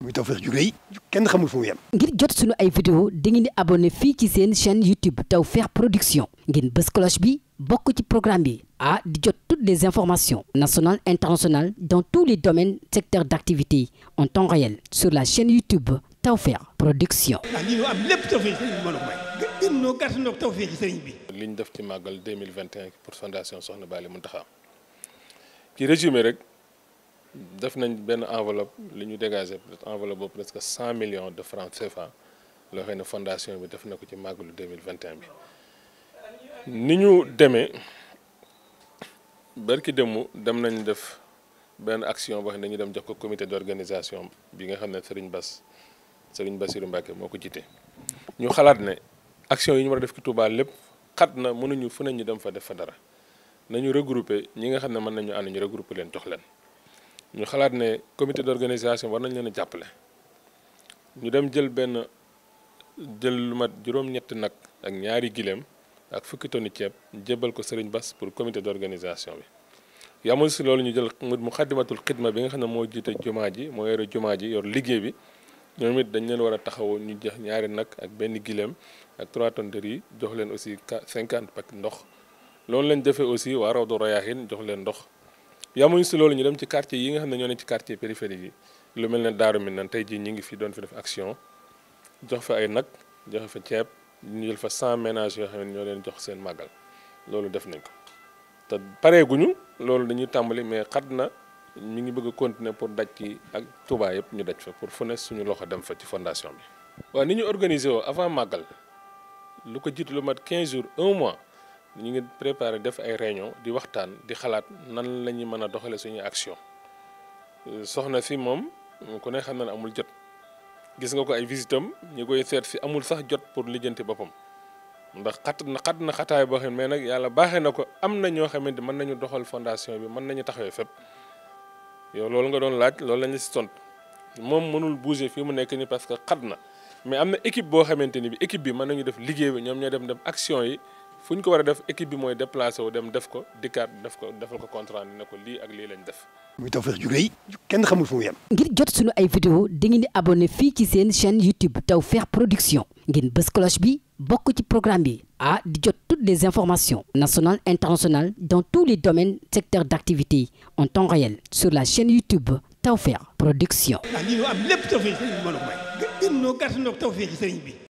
muy Tawfekh ju rëy kenn ngir jot sunu ay vidéo dangeen di abonné fii ci seen chaîne YouTube Tawfekh Production ngeen bës cloche bi bokk ci programme bi ah di jot toutes des informations nationales internationales dans tous les domaines secteurs d'activité en temps réel sur la chaîne YouTube Tawfekh Production. ah lii am lépp Tawfekh sëriñ li ñu def ci màggal 2021 pour fondation Soxna Bally Mountakha ci résumé rek. def nañ benn enveloppe li ñu dégagé peut-être enveloppe boobu presque cent millions de francs CFA loo xam ne fondation bi def na ko ci màggalu 2021 bi ni ñu demee barki demu dem nañ def benn action boo xam ne dañu dem jox ko comité d'organisation bi nga xam ne Serigne Bass Serigne Bassirou Mbacké moo ko jiite ñu xalaat ne action yi ñu war def ki Touba lépp xat na mënuñu fu ne ñu dem fa def fa dara nañu regrouper ñi nga xam ne mën nañu ànd ñu regrouper leen jox leen ñu xalaat ne comité d'organisation war nañ leen a jàppale ñu dem jël benn jël lu mat juróom-ñetti nag ak ñaari gileem ak fukki tonni ceeb jébbal ko Serigne Bass pour comité d'organisation bi. yamul si loolu ñu jël mu xaddimatul xidma bi nga xam ne moo jiite jumaa ji moo yore jumaa ji yor liggéey bi ñoom it dañ leen war a taxawoo ñu jeex ñaari nag ak benn gileem ak trois tonnes de riz jox leen aussi cinquante pack ndox loolu lañ defee aussi waa Rawdu Rayaahin jox leen ndox. yamuñu si loolu ñu dem ci quartier yi nga xam ne ñoo ne ci quartier périphérique yi lu mel ne Daaru Minaan tey jii ñu ngi fi doon fi def action jox fa ay nag jox fa ceeb ñu jël fa 100 ménages yoo xam ne ñoo leen jox seen màggal loolu def nañ ko te pareeguñu loolu dañuy tàmbali mais xat na ñu ngi bëgg a continuer pour daj ci ak Touba yëpp ñu daj fa pour fu ne suñu loxo dem fa ci fondation bi. waaw ni ñu organiser woo avant màggal lu ko jiitu lu mat 15 jours un mois. ñu ngi préparé def ay réunion di waxtaan di xalaat nan la ñuy mën a doxale suñu action soxna si moom ku ne xam na ne amul jot gis nga ko ay visitam ñu koy seet si amul sax jot pour lijjanti boppam ndax xat na xat na xataay boo xam mais nag yàlla baaxe na ko am na ñoo xamante mën nañu doxal fondation bi mën nañu taxawee fépp yow loolu nga doon laaj loolu lañu si tont moom mënul bouger fii mu nekk ni parce que xat na mais am na équipe boo xamante ni bi équipe bi mën nañu def liggéey bi ñoom ñoo dem dem action yi fu ñu ko war a def équipe bi mooy déplacé wu dem def ko dikkaat def ko defal ko contrat ne ko lii ak lii lañ def. muy Tawfekh ju rëy kenn xamul fu mu yem. ngir jot sunu ay vidéo dangeen di abonné fii ci seen chaîne YouTube Tawfekh Production ngeen bës bi bokk ci programme bi ah di jot toutes les informations nationales internationales dans tous les domaines secteurs d'activité en temps réel sur la chaîne YouTube Tawfekh Production. ah lii am lépp